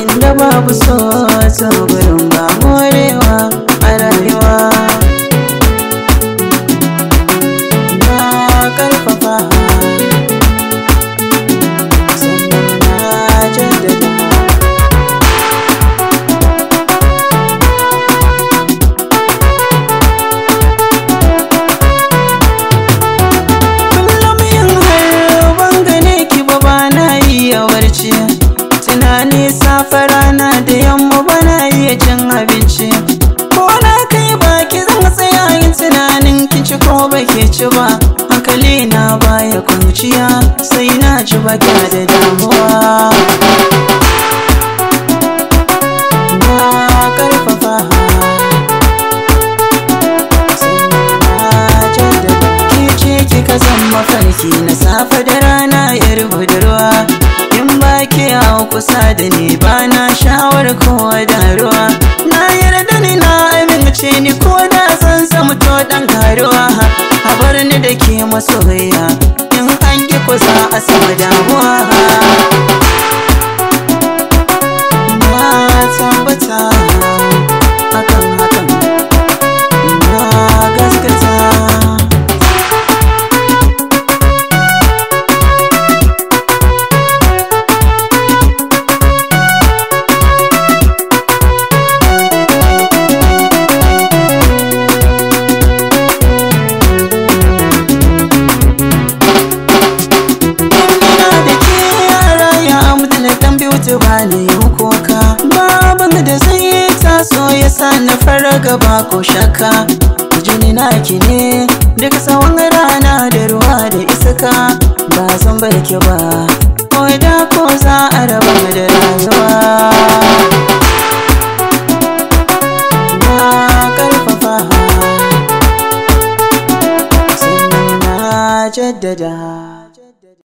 inda babu so ta gurin na nisa farana da yamma bana iya cin abinci ko na kai baki zan tsaya yin tunanin kici ko baki ci ba hankali na baya kwanciya sai na ci baka da damuwa Ka zama mafarki na safe da rana ya rubuta kusa da ni ba na shawar kowa da ruwa na yarda ni na amince ni ko da san samu to dan karuwa a bar ni da ke masoya bani yin koka babin da zai taso ya sa na fara gaba ko shakka jini ki ne duk tsawon rana da ruwa da isaka. ba zan bar ki ba ko da ko za a raba da rayuwa jaddada